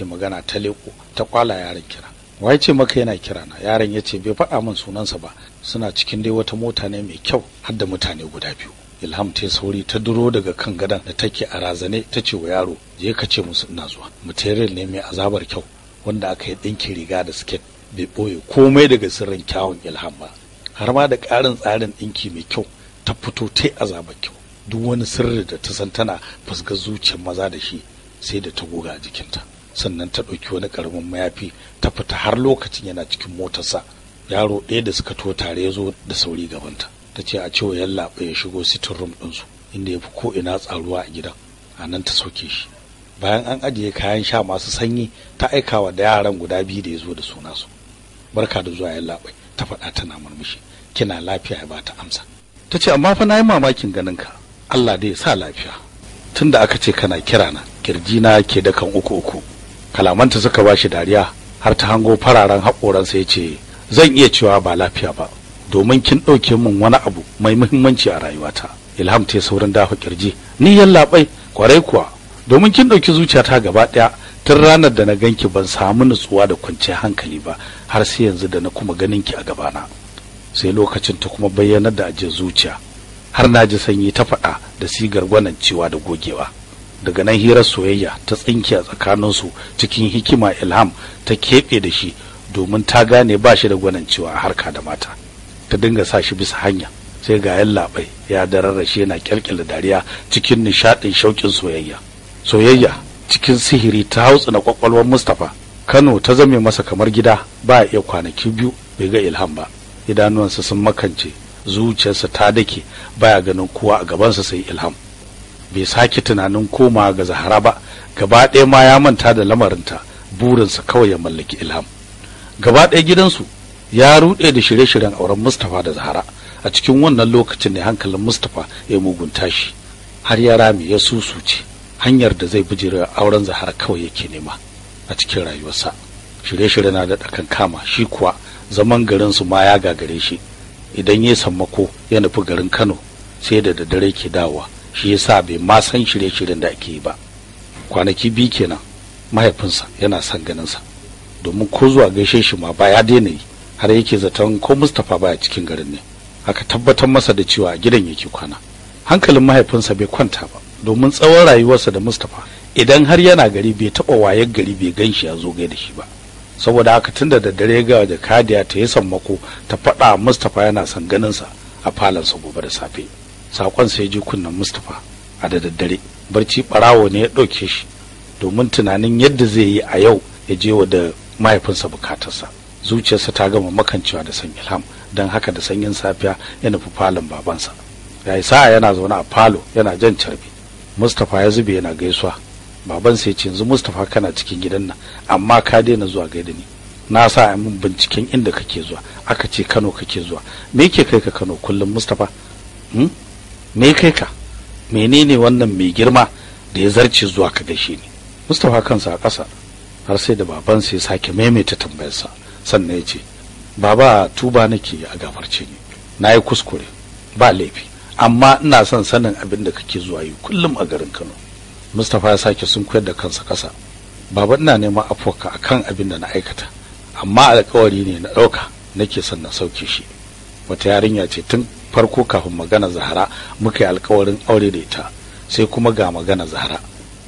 ce magana ta leko ta kwala yaron kira wai ce maka yana kira na yaron ya ce bai faɗa min sunansa ba suna cikin dai wata mota ne mai kyau har da mutane guda biyu ilham ta sauri ta duro daga kan gadon da take a razane ta ce wa yaro je ka ce musu ina zuwa material ne mai azabar kyau wanda aka yi ɗinki riga da siket bai ɓoye komai daga sirrin kyawun ilham ba har ma da ƙarin tsarin ɗinki mai kyau ta fito ta yi azabar kyau duk wani sirri da ta san tana fuska zuciyar maza da shi sai da ta goga jikinta sannan ta ɗauki wani ƙaramin mayafi ta fita har lokacin yana cikin motarsa yaro ɗaya da suka to tare ya zo da sauri gabanta ta ce a cewa yalla ya shigo sitin rum ɗinsu inda ya fi ko ina tsaruwa a gidan a nan ta sauke shi bayan an ajiye kayan sha masu sanyi ta aikawa da yaran guda biyu da ya zo da suna su barka da zuwa yalla ta faɗa tana murmushi kina lafiya ya bata amsa ta ce amma fa na yi mamakin ganin ka Allah dai ya sa lafiya tunda aka ce kana kirana kirji na ke dakan uku uku kalamanta suka bashi dariya har ta hango fararen haƙoransa ya ce zan iya cewa ba lafiya ba domin kin ɗauke min wani abu mai muhimmanci a rayuwata ilham ta saurin dafa kirji ni yallaɓai kwarai kuwa domin kin ɗauki zuciyata gaba ɗaya tun ranar da na ganki ban samu nutsuwa da kwanciyar hankali ba har sai yanzu da na kuma ganin ki a gabana sai lokacin ta kuma bayyanar da ajiyar zuciya har na ji sanyi ta faɗa da sigar gwanan cewa da gogewa daga nan hirar soyayya ta tsinke a tsakaninsu cikin hikima ilham ta keɓe da shi domin ta gane ba shi da gwanancewa cewa harka da mata ta dinga sa shi bisa hanya sai ga yan labai ya shi yana kyalkyala dariya cikin nishaɗin shauƙin soyayya soyayya cikin sihiri ta hautsina na kwakwalwar mustapha kano ta zame masa kamar gida ba iya kwanaki biyu bai ga ilham ba idanuwansa sun makance zuciyarsa ta dake baya ganin kowa a gabansa sai ilham bai sake tunanin koma ga zahara ba gaba ɗaya ma ya manta da lamarinta burinsa kawai ya mallaki ilham gaba ɗaya gidansu ya ruɗe da shirye-shiryen auren mustapha da zahara a cikin wannan lokacin ne hankalin mustapha ya mugunta shi har ya rame ya susuce hanyar da zai bijira auren zahara kawai yake nema a cikin rayuwarsa shirye-shirye na da ɗakan kama shi kuwa zaman garinsu ma ya gagare shi idan ya sammako ya nufi garin kano sai da daddare ke dawowa shi yasa bai ma san shirye-shiryen da ake yi ba kwanaki biyu kenan mahaifinsa yana son ganinsa domin ko zuwa gaishe shi ma ba ya daina yi har yake zaton ko mustapha baya cikin garin ne aka tabbatar masa da cewa gidan yake kwana hankalin mahaifinsa bai kwanta ba domin tsawon rayuwarsa da mustapha idan har yana gari bai taɓa wayar gari bai gan shi ya zo da shi ba saboda haka tunda da dare ga da kadiya ta yi sammako ta faɗa mustapha yana son ganinsa a falon sa gobe da safe saƙon sai ji kunnen mustapha a da daddare barci ɓarawo ne ya ɗauke shi domin tunanin yadda zai yi a yau ya je wa da mahaifinsa bukatarsa zuciyarsa ta gama makancewa da san ilham don haka da sanyin safiya ya nufi falon babansa ya yi sa'a yana zaune a falo yana jan carbi mustapha ya zube yana gaisuwa babansa ya ce yanzu mustapha kana cikin gidan nan amma ka daina zuwa gaida ni na sa a min binciken inda kake zuwa aka ce kano kake zuwa me ke kai ka kano kullum mustapha hmm? me kai ka menene wannan mai girma da ya zarce zuwa ka gaishe ni mustapha kansa a ƙasa har sai da babansa ya sake maimaita tambayarsa sannan ya ce baba tuba nake a gafarce ni na yi kuskure ba laifi amma ina son sanin abin da kake zuwa yi kullum a garin kano mustapha ya sake sun koyar da kansa ƙasa baba ina neman a kan abin da na aikata amma alkawari ne na ɗauka nake son na sauke shi wata yarinya ce tun farko kafin magana zahara muka yi alkawarin aure da ita sai kuma ga magana zahara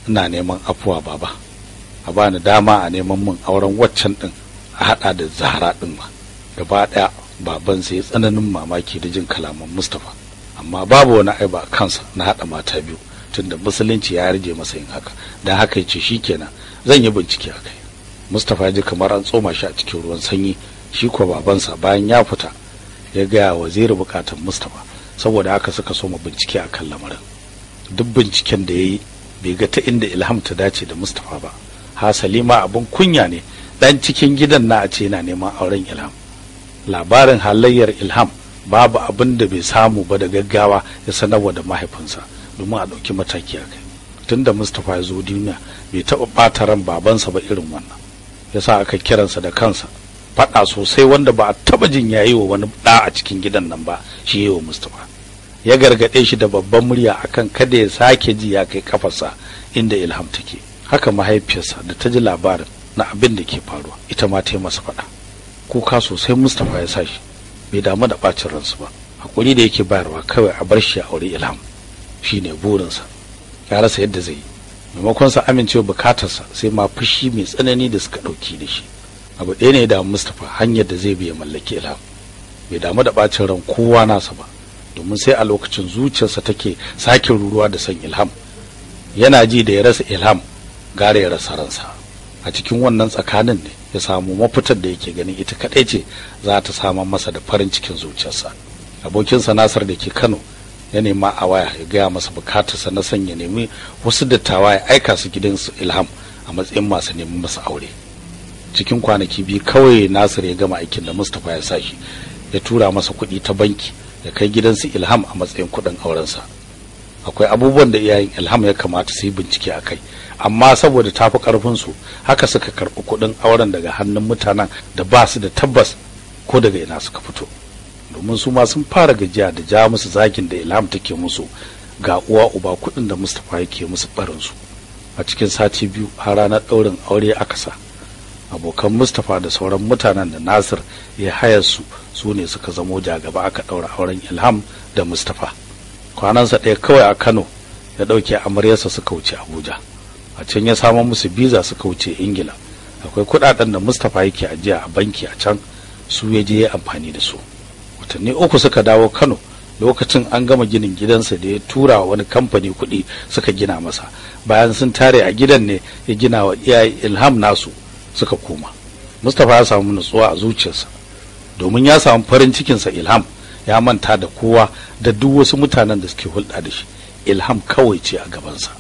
ina neman afuwa baba a bani dama a neman min auren waccan din a hada da zahara din ma gaba daya baban sai tsananin mamaki da jin kalaman mustapha amma babu wani aiba kansa na hada mata biyu tunda musulunci ya rage masa yin haka dan haka ya ce shi kenan, zan yi bincike a kai mustapha ya ji kamar an tsoma shi a cikin ruwan sanyi shi kuwa babansa bayan ya fita ya gaya waziri bukatun mustapha saboda haka suka soma bincike a kan lamarin duk binciken da ya yi bai ga ta inda ilham ta dace da mustapha ba hasali ma abin kunya ne dan cikin gidan na a ce yana neman auren ilham labarin halayyar ilham babu abin da bai samu ba da gaggawa ya sanarwa da mahaifinsa domin a ɗauki mataki a kai tun da mustapha ya zo duniya bai taɓa ɓata ran babansa ba irin wannan yasa aka kiransa da kansa faɗa sosai wanda ba a taba jin ya yi wa wani ɗa a cikin gidan nan ba shi yi wa mustapha ya gargaɗe shi da babban murya akan kada ya sake ji ya kai kafarsa inda ilham take haka mahaifiyarsa da ta ji labarin na abin da ke faruwa ita ma ta yi masa faɗa kuka sosai mustapha ya sa shi bai damu da ɓacin ransu ba hakuri da yake bayarwa kawai a bar shi a aure ilham shi ne burinsa ya rasa yadda zai yi maimakon sa amincewa bukatarsa sai ma fushi mai tsanani da suka ɗauki da shi abu ɗaya ne da mustapha hanyar da zai biya mallaki ilham bai damu da ɓacin ran kowa nasa ba domin sai a lokacin zuciyarsa take sake ruruwa da son ilham yana ji da ya rasa ilham gara ya rasa ransa a cikin wannan tsakanin ne ya samu mafitar da yake ganin ita kaɗai ce za ta samar masa da farin cikin zuciyarsa abokinsa nasar da ke kano ya nema a waya ya gaya masa bukatarsa na son ya nemi wasu dattawa ya aika su gidansu ilham a matsayin masu neman masa aure cikin kwanaki biyu kawai nasir ya gama aikin da mustapha ya sa shi ya tura masa kuɗi ta banki ya kai gidansu ilham a matsayin kuɗin aurensa akwai abubuwan da iyayen ilham ya kamata su yi bincike a kai amma saboda ta tafi ƙarfinsu haka suka karɓi kuɗin auren daga hannun mutanen da ba su da tabbas ko daga ina suka fito domin su ma sun fara gajiya da ja musu zagin da ilham take musu ga uwa uba kuɗin da mustapha yake musu barinsu a cikin sati biyu har ranar ɗaurin aure aka sa abokan mustapha da sauran mutanen da nasir ya haya su ne suka zamo jagaba aka ɗaura auren ilham da mustapha kwanansa ɗaya kawai a kano ya ɗauke amaryarsa suka wuce abuja a can ya samo musu biza suka wuce ingila akwai kuɗaɗen da mustapha yake ajiya a banki a can su ya je ya amfani da su watanni uku suka dawo kano lokacin an gama ginin gidansa da ya tura wa wani kamfani kuɗi suka gina masa bayan sun tare a gidan ne ya gina wa iyaye ilham nasu suka koma mustapha ya samu nutsuwa a zuciyarsa domin ya samu farin cikinsa ilham ya manta da kowa da duk wasu mutanen da suke hulɗa da shi ilham kawai ce a gabansa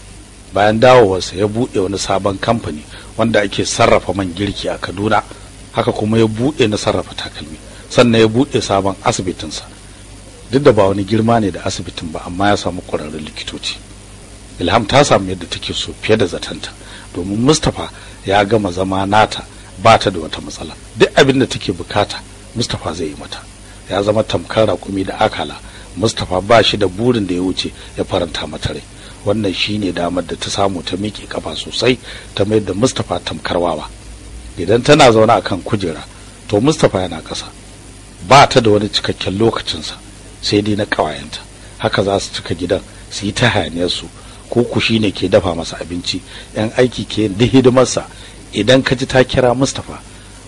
bayan dawowarsa ya buɗe wani sabon kamfani wanda ake sarrafa man girki a kaduna haka kuma ya buɗe na sarrafa takalmi sannan ya buɗe sabon asibitinsa duk da ba wani girma ne da asibitin ba amma ya samu ƙwararrun likitoci ilham ta samu yadda take so fiye da zatanta domin mustapha ya gama zama nata ba ta da wata matsala duk abin da take bukata mustapha zai yi mata ya zama tamkar raƙumi da akala mustapha ba shi da burin da ya wuce ya faranta mata rai wannan shine damar da ta samu ta miƙe kafa sosai ta mayar da mustapha tamkar wawa idan tana zaune akan kujera to mustapha yana ƙasa ba ta da wani cikakken lokacinsa sai dai na ƙawayenta haka za su cika gidan su yi ta hayaniyarsu ku shi ne ke dafa masa abinci yan aiki ke da hidimarsa idan ka ji ta kira mustapha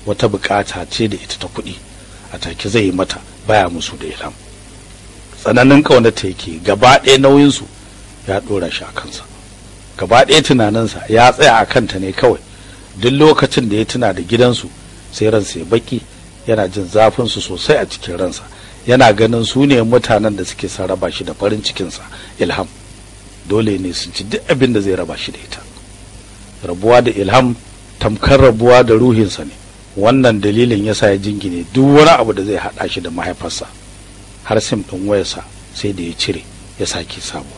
wata bukata ce da ita ta kuɗi a take zai yi mata baya musu da ilam tsananin ƙaunata yake gaba ɗaya nauyinsu ya ɗora shi a kansa gaba ɗaya tunaninsa ya tsaya a kanta ne kawai duk lokacin da ya tuna da gidansu sai ransa ya baki yana jin zafin su sosai a cikin ransa yana ganin su ne mutanen da suke sarraba shi da farin cikinsa ilham dole ne su ci duk abin da zai raba shi da ita rabuwa da ilham tamkar rabuwa da ruhinsa ne wannan dalilin ya sa ya jingine duk wani abu da zai haɗa shi da mahaifarsa har sim ɗin wayarsa sai da ya cire ya sake sabo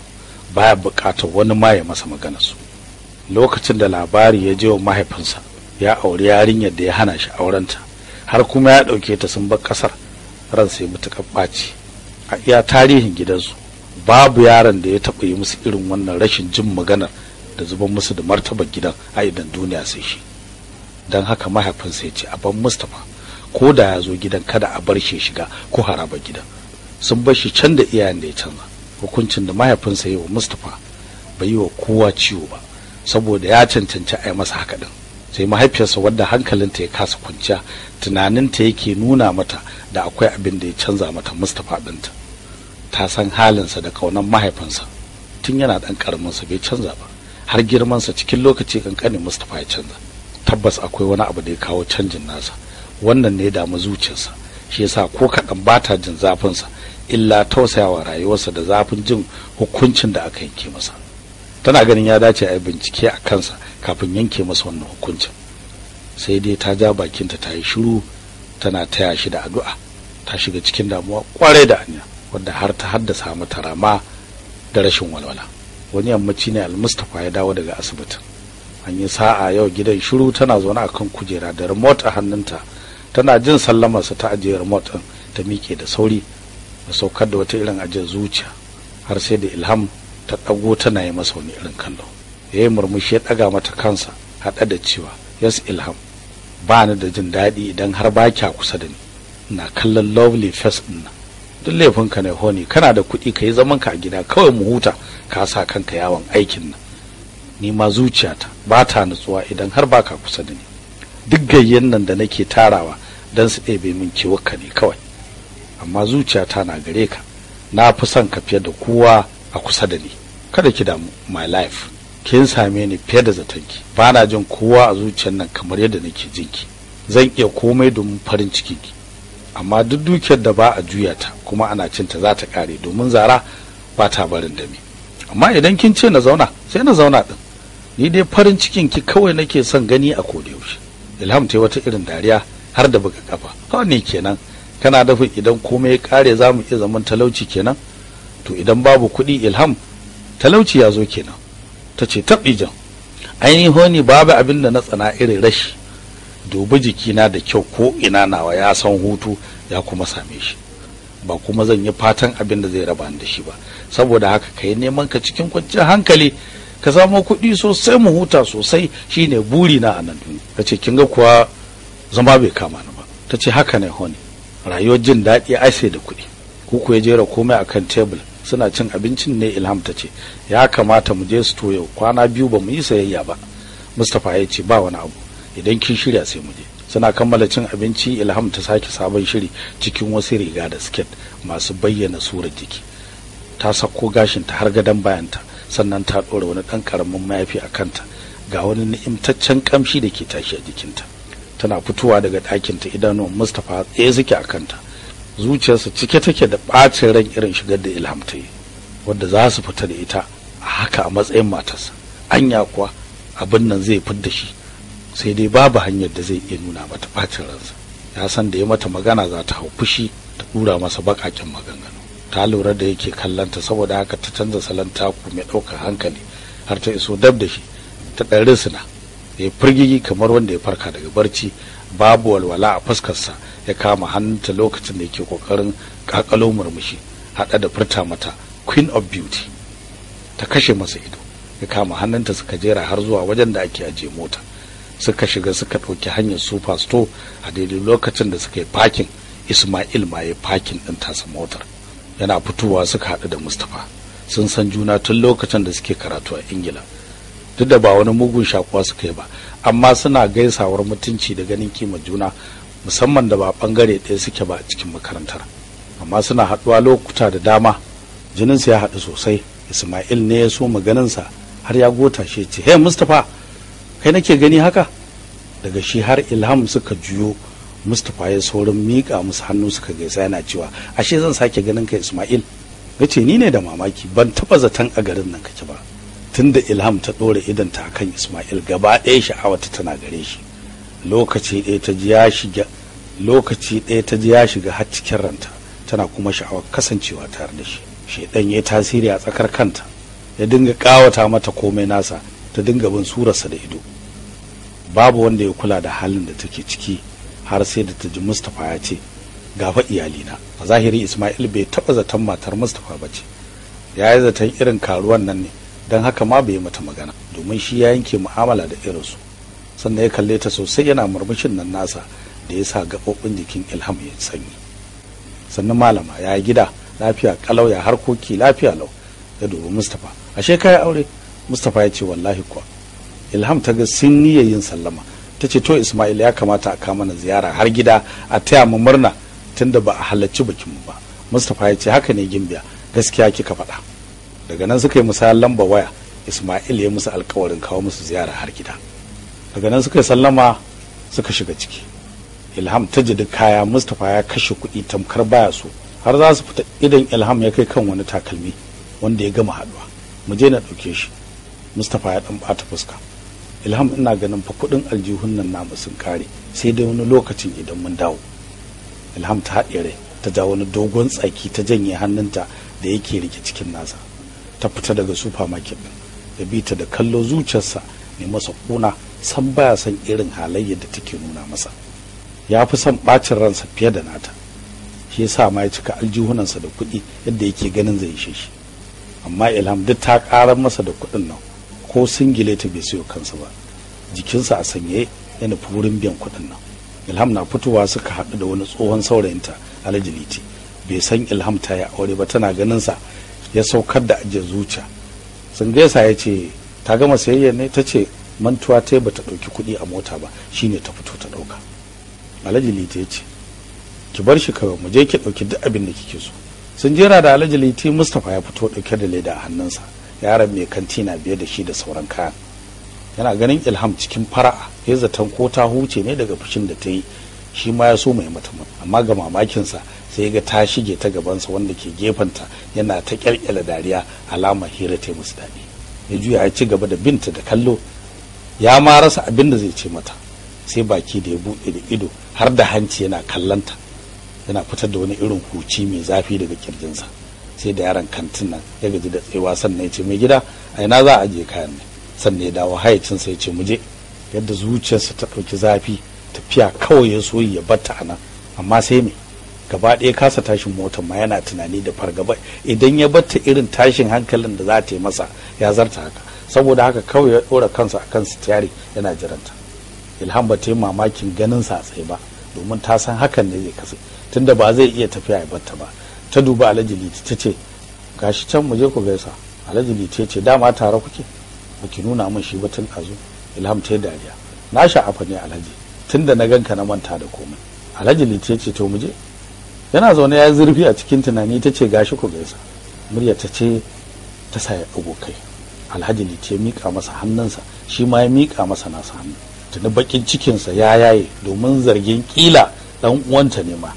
baya buƙatar wani ma ya masa magana su lokacin da labari ya je wa mahaifinsa ya auri yarinyar da ya hana shi aurenta har kuma ya ɗauke ta sun bar ƙasar ran sai mutu ɓaci a iya tarihin gidansu babu yaron da ya taɓa yi musu irin wannan rashin jin maganar da zuban musu da martabar gidan a idan duniya sai shi don haka mahaifinsa ya ce a bar mustapha ko da ya zo gidan kada a bar shi shiga ko haraba gidan sun bar shi can da iyayen da ya canza hukuncin da mahaifinsa ya wa mustapha bai yi wa kowa ciwo ba saboda ya cancanci a yi masa haka din sai mahaifiyarsa wadda hankalinta ya kasa kwanciya tunaninta yake nuna mata da akwai abin da ya canza mata mustapha ɗinta ta san halinsa da kaunan mahaifinsa tun yana ɗan sa bai canza ba har girmansa cikin lokaci kankanin mustapha ya canza tabbas akwai wani abu da ya kawo canjin nasa wannan ne da damu zuciyarsa shi yasa ko kaɗan ba ta jin zafinsa illa tausayawa rayuwarsa da zafin jin hukuncin da aka yanke masa tana ganin ya dace a yi bincike a kansa kafin yanke masa wannan hukuncin sai dai ta ja bakinta ta yi shiru tana taya shi da addu'a ta shiga cikin damuwa kwarai da anya wadda har ta haddasa mata rama da rashin walwala wani yammaci ne almustapha ya dawo daga asibitin an yi sa'a yau gidan shiru tana zaune a kan kujera da remote a hannunta tana jin sallamarsa ta ajiye remote ɗin ta miƙe da sauri da saukar da wata irin ajiyar zuciya har sai da ilham ta ɗago tana yi masa wani irin kallo ya yi murmushi ya ɗaga mata kansa haɗe da cewa yas ilham ba ni da jin daɗi idan har ba kusa da ni ina kallon lovely face ɗin duk laifin ka ne honi kana da kuɗi ka yi zaman ka a gida kawai mu huta ka sa kanka yawon aikin nan ni ma zuciyata ba ta nutsuwa idan har ba ka kusa da ni duk gayyen nan da nake tarawa don su ɗebe min kiwaka ne kawai amma zuciyata na gare ka na fi son ka fiye da kowa a kusa da ni kada ki damu my life kin same ni fiye da zatonki ba na jin kowa a zuciyar nan kamar yadda nake jinki zan iya komai domin farin cikinki amma duk dukiyar da ba a juya ta kuma ana cinta za ta kare domin zara ba ta barin da ni. amma idan kin ce na zauna sai na zauna din ni dai farin cikin ki kawai nake son gani a yaushe ilham ta wata irin dariya har da buga kafa ha ne kenan kana dafa idan komai ya kare za mu iya zaman talauci kenan to idan babu kuɗi ilham talauci ya zo kenan ta ce taɓijan ainihin babu abin da na tsana irin rashi dubi jikina da kyau ko ina nawa ya san hutu ya kuma same shi ba kuma zan yi fatan abin da zai raba ni da shi ba saboda haka ka yi neman ka cikin kwanciyar hankali ka samu kuɗi sosai mu huta sosai shine buri na a nan duniya ta ce kin ga kuwa zama bai kama ni ba tace haka ne honi rayuwar jin daɗi ai sai da kuɗi kuku ya jera komai akan tebul suna cin abincin ne ilham ta ce ya kamata mu je su to yau kwana biyu ba mu yi sayayya ba mustapha ya ce ba wani abu idan kin shirya sai mu je suna kammala cin abinci ilham ta sake sabon shiri cikin wasu riga da siket masu bayyana surar jiki ta sako gashin ta har gadon bayanta sannan ta ɗora wani ɗan karamin mayafi a kanta ga wani ni'imtaccen kamshi da ke tashi a jikinta tana fitowa daga ɗakinta idanuwan mustapha tsaye suke a kanta zuciyarsa cike take da ɓacin ran irin shigar da ilham ta yi wadda za su fita da ita a haka a matsayin matarsa anya kuwa abin nan zai fidda shi sai dai babu hanyar da zai iya nuna mata bacin ransa ya san da ya mata magana za ta hau fushi ta dura masa bakakin maganganu ta lura da yake kallanta saboda haka ta canza salon taku mai ɗaukar hankali har ta iso dab da shi ta ɗan risina ya firgigi kamar wanda ya farka daga barci babu walwala a fuskarsa ya kama hannunta lokacin da yake kokarin kakalo murmushi haɗa da furta mata queen of beauty ta kashe masa ido ya kama hannunta suka jera har zuwa wajen da ake ajiye mota suka shiga suka ɗauki hanyar super store a daidai lokacin da suka yi pakin ismail ma ya pakin ɗin tasa motar yana fitowa suka haɗu da mustapha sun san juna tun lokacin da suke karatu a ingila duk da ba wani mugun shakuwa suka yi ba amma suna gaisawar mutunci da ganin kima juna musamman da ba bangare ɗaya suke ba a cikin makarantar amma suna haɗuwa lokuta da dama jininsa ya haɗu sosai ismail ne ya so maganinsa har ya gota shi ce he mustapha kai nake gani haka daga shi har ilham suka juyo mustapha ya saurin miƙa musu hannu suka gaisa yana cewa ashe zan sake ganin ka ismail ya ce ni ne da mamaki ban taɓa zaton a garin nan kake ba tunda ilham ta ɗora idanta a kan ismail gaba ɗaya sha'awata tana gare shi lokaci ɗaya ta ji ya shiga lokaci ɗaya ta ji ya shiga har cikin ranta tana kuma sha'awar kasancewa tare da shi shaidan ya tasiri a tsakar kanta ya dinga ƙawata mata komai nasa ta dinga bin surarsa da ido babu wanda ya kula da halin da take ciki har sai da ta ji mustapha ya ce gafa iyalina a zahiri ismail bai taɓa zaton matar mustapha ba ce ya yi zaton irin karuwan nan ne don haka ma bai mata magana domin shi ya yanke mu'amala da irinsu sannan ya kalle ta sosai yana murmushin nan nasa da ya sa gaɓoɓin jikin ilham ya sanyi sannan malama ya yi gida lafiya kalau ya harkoki lafiya lau ya dubi mustapha ashe ka aure mustapha ya ce wallahi kuwa ilham ta ga sun niyya yin sallama ta ce to ismail ya kamata a kama na ziyara har gida a taya mu murna tunda ba a halarci bikin mu ba mustapha ya ce haka ne gimbiya gaskiya kika faɗa daga nan suka yi musayar lamba waya ismail ya musu alkawarin kawo musu ziyara har gida daga nan suka yi sallama suka shiga ciki ilham ta ji duk kaya mustapha ya kashe kuɗi tamkar baya so har za su fita idan ilham ya kai kan wani takalmi wanda ya gama haɗuwa mu je na ɗauke shi mustapha ya ɗan ɓata fuska ilham ina ganin fa kuɗin aljihun nan namu sun kare sai dai wani lokacin idan mun dawo ilham ta haɗe ta ja wani dogon tsaki ta janye hannunta da yake rike cikin nasa ta fita daga supermarket ɗin da bi ta da kallo zuciyarsa ne masa kuna san baya son irin halayyar da take nuna masa ya fi son ɓacin ransa fiye da nata shi yasa ma ya cika aljihunansa da kuɗi yadda yake ganin zai yi shi amma ilham duk ta ƙarar masa da kuɗin nan ko ta bai siyo kansa ba jikinsa a sanye yana furin wurin biyan kuɗin nan ilham na fitowa suka haɗu da wani tsohon saurayinta alhaji liti bai san ilham ta ya aure ba tana ganin sa ya saukar da ajiyar zuciya sun gaisa ya ce ta gama sayayya ne ta ce mantuwa ta bata ɗauki kuɗi a mota ba shine ta fito ta ɗauka alhaji liti ya ce ki bar shi kawai mu je ki ɗauki duk abin da kike so sun jera da alhaji liti mustapha ya fito ɗauke da leda a hannunsa yaron mai kanti na biye da shi da sauran kayan yana ganin ilham cikin fara'a ya zaton ko ta huce ne daga fushin da ta yi shi ma ya so mai mata amma ga mamakinsa sai ga ta shige ta gabansa wanda ke gefenta yana ta kyalkyala dariya alama hira ta musu daɗi ya juya ya ci gaba da binta da kallo ya ma rasa abin da zai ce mata sai baki da ya buɗe da ido har da hanci yana kallanta yana fitar da wani irin huci mai zafi daga kirjinsa sai da yaron kantin nan ya gaji da tsewa sannan ya ce mai gida a ina za a je kayan ne sannan ya dawo hayacin sai ya ce muje yadda zuciyarsa ta ɗauki zafi tafiya kawai ya so ya batta a nan amma sai me gaba ɗaya kasa tashin motar ma yana tunani da fargaba idan ya batta irin tashin hankalin da za ta yi masa ya zarta haka saboda haka kawai ya ɗora kansa akan sitiyari yana jiranta ilham ba ta yi mamakin ganin sa tsaye ba domin ta san hakan ne zai kasu tunda ba zai iya tafiya ya batta ba ta duba alhaji liti ta ce gashi can mu je ku gaisa alhaji liti ce dama tare kuke ba ki nuna min shi ba tun azu ilham ta dariya na sha'afa ne alhaji tun da na ganka na manta da komai alhaji liti ce to mu je yana zaune ya yi zurfi a cikin tunani ta ce gashi ku gaisa murya ta ce ta sa ya alhaji liti ya miƙa masa hannunsa shi ma ya mika masa nasa hannu tuni bakin cikinsa ya yaye domin zargin kila ɗan uwanta ne ma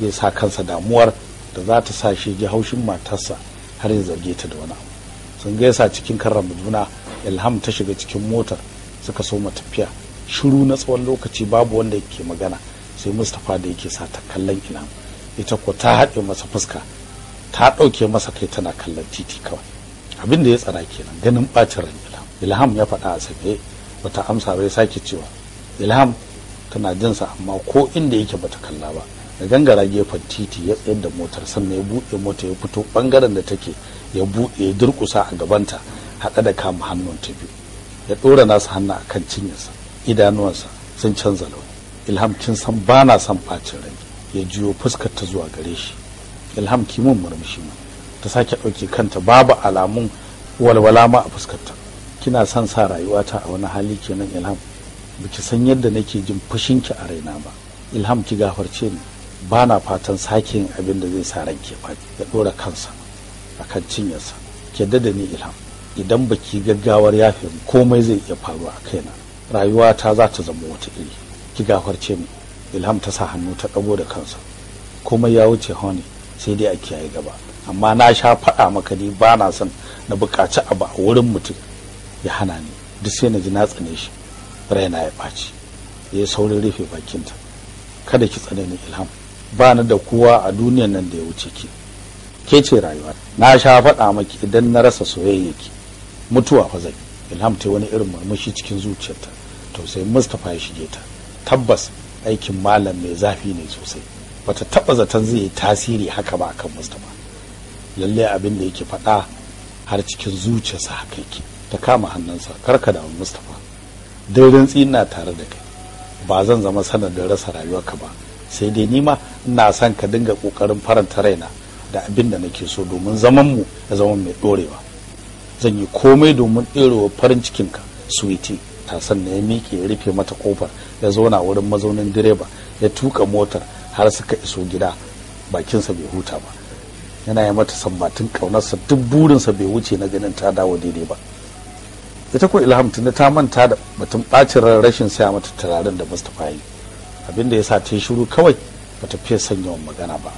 ya sa kansa damuwar da za ta sa shi ji haushin matarsa har ya zarge ta da wani abu sun gaisa cikin karrama juna ilham ta shiga cikin motar suka so tafiya shiru na tsawon lokaci babu wanda yake magana sai mustapha da yake sa ta kallon ilham ita ko ta haɗe masa fuska ta ɗauke masa kai tana kallon titi kawai abin da ya tsara kenan ganin ɓacin ran ilham ilham ya faɗa a sake bata amsa bai sake cewa ilham tana jinsa amma ko inda yake bata kalla ba da gangara gefen titi ya tsayar da motar sannan ya buɗe mota ya fito bangaren da take ya buɗe ya durƙusa a gabanta haɗa da kama hannun ta biyu ya ɗora nasa hannu a kan cinyarsa idanuwansa sun canza launi ilham kin san ba na son ɓacin rai ya juyo fuskar ta zuwa gare shi ilham ki mun murmushi ma ta sake ɗauke kanta babu alamun walwala ma a fuskarta kina son sa rayuwata a wani hali kenan ilham baki san yadda nake jin fushinki a raina ba ilham ki gafarce ni ba na fatan sake yin abin da zai sa ran ke ya ɗora kansa a kan cinyarsa ke da ni ilham idan baki gaggawar yafe komai zai iya faruwa a kaina rayuwata za ta zama wata iri ki gafarce mu ilham ta sa hannu ta ɗago da kansa komai ya wuce hauni sai dai a kiyaye gaba amma na sha faɗa maka ni ba na son na buƙaci abu a wurin mutum ya hana ni duk sai na ji na tsane shi raina ya ɓaci ya yi saurin rufe bakinta kada ki tsane ni ilham ba ni da kowa a duniyan nan da ya wuce ki ke ce rayuwa na sha faɗa maki idan na rasa soyayya ki mutuwa fa zai ilham ta wani irin murmushi cikin zuciyarta to sai mustapha ya shige ta tabbas aikin malam mai zafi ne sosai bata taba zaton zai yi tasiri haka ba akan mustapha lallai abin da yake faɗa har cikin zuciyarsa haka yake ta kama hannunsa karka da mustapha daidan tsina tare da kai ba zan zama sanadin rasa rayuwarka ba sai dai nima ina son ka dinga kokarin faranta raina da abin da nake so domin zaman mu ya zama mai dorewa zan yi komai domin ɗorewa farin cikin ka suwiti ta san na ya miƙe ya rufe mata kofar ya zauna wurin mazaunin direba ya tuka motar har suka iso gida bakinsa bai huta ba yana yi mata sambatin ƙaunarsa duk burinsa bai wuce na ganin ta dawo daidai ba ita ko ilham tunda ta manta da batun bacin rashin saya mata turaren da mustapha yi abinda ya sa ta yi shiru kawai ba ta fiye son yawan magana ba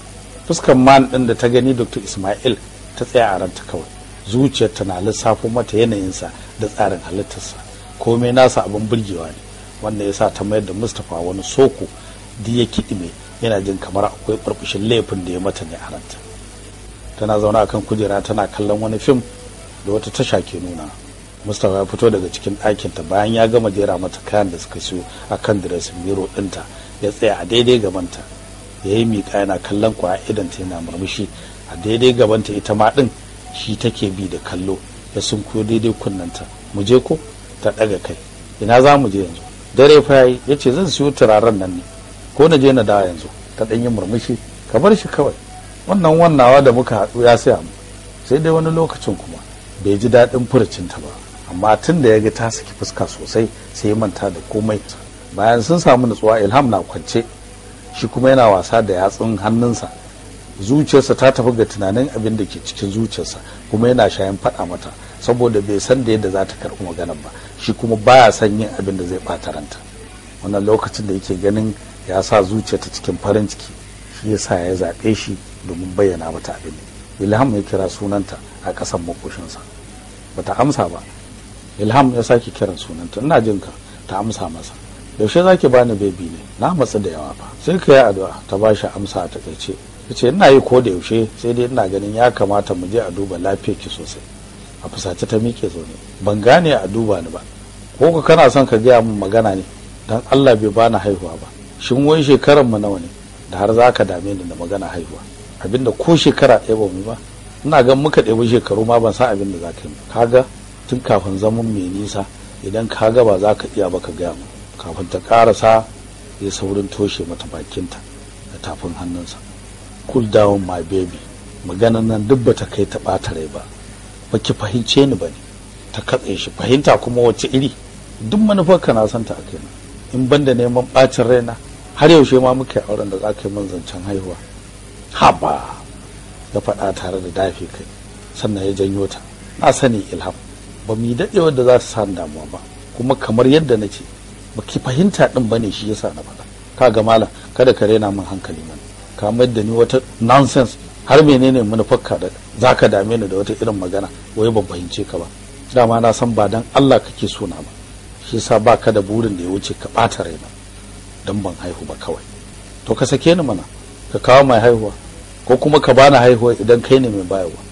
fuskan man ɗin da ta gani dr ismail ta tsaya a ranta kawai zuciyar tana lissafo mata yanayinsa da tsarin halittarsa komai nasa abin burgewa ne wanda ya sa ta mayar da mustapha wani soko da ya kiɗime yana jin kamar akwai ɓarɓashin laifin da ya mata ne a ranta tana zaune a kan kujera tana kallon wani fim da wata tasha ke nuna mustapha ya fito daga cikin ɗakinta bayan ya gama jera mata kayan da suka siyo a kan diresin biro ɗinta ya tsaya a daidai gabanta ya yi miƙa yana kallon idan ta yana murmushi a daidai gabanta ita ma ɗin shi take bi da kallo ya sunkuyo daidai kunnanta mu je ko ta ɗaga kai ina za mu je yanzu dare fa yayi ya ce zan siyo turaren nan ne ko na je na dawo yanzu ta ɗan yi murmushi ka bar shi kawai wannan wannawa da muka haɗu ya saya mu sai dai wani lokacin kuma bai ji daɗin furucinta ba amma tun da ya ga ta saki fuska sosai sai ya manta da komai bayan sun samu nutsuwa ilham na kwance shi kuma yana wasa da yatsun hannunsa zuciyarsa ta tafi ga tunanin abin da ke cikin zuciyarsa kuma yana shayan faɗa mata saboda bai san da yadda za ta karɓi maganar ba shi kuma baya son yin abin da zai ɓata ranta wannan lokacin da yake ganin ya sa zuciyarta cikin farin ciki shi yasa ya zaɓe shi domin bayyana mata abin ilham ya kira sunanta a ƙasan makoshinsa bata amsa ba ilham ya sake kiran sunanta ina jin ka ta amsa masa yaushe zaki bani bebi ne na matsu da yawa fa sai ka yi addu'a ta ba shi amsa a takaice ta ce ina yi ko da yaushe sai dai ina ganin ya kamata mu je a duba lafiyar ki sosai a fusace ta miƙe zaune ban gane a duba ni ba ko ka kana son ka gaya min magana ne dan Allah bai bani haihuwa ba shin wai shekaran mu nawa ne da har za ka dame ni da magana haihuwa abinda ko shekara ɗaya ba mu ba ina ga muka ɗebi shekaru ma ban san abin da za ka yi kaga tun kafin zaman mai nisa idan ka ga ba za ka iya ba ka gaya mu kafin ta karasa ya saurin toshe mata bakinta da tafin hannunsa cool down my baby maganan nan duk bata kai ta ɓata rai ba Ba ki fahimce ni ba ne ta katse shi fahimta kuma wace iri duk manufarka na santa a kaina in banda neman ɓacin raina har yaushe ma muka yi auren da za ka yi min zancen haihuwa haba ya faɗa tare da dafe kai sannan ya janyo ta na sani ilham ba mu yi daɗe da za su sa damuwa ba kuma kamar yadda na ce ba ki fahimta ɗin ba ne shi yasa na faɗa ka ga malam kada ka rena min hankali mana ka mayar da ni wata nonsense har menene manufarka da za ka dame ni da wata irin magana wai ban fahimce ka ba dama na san ba dan Allah kake so na ba shi yasa ba ka da burin da ya wuce ka ɓata raina don ban haihu ba kawai to ka sake ni mana ka kawo mai haihuwa ko kuma ka bani haihuwa idan kai ne mai bayarwa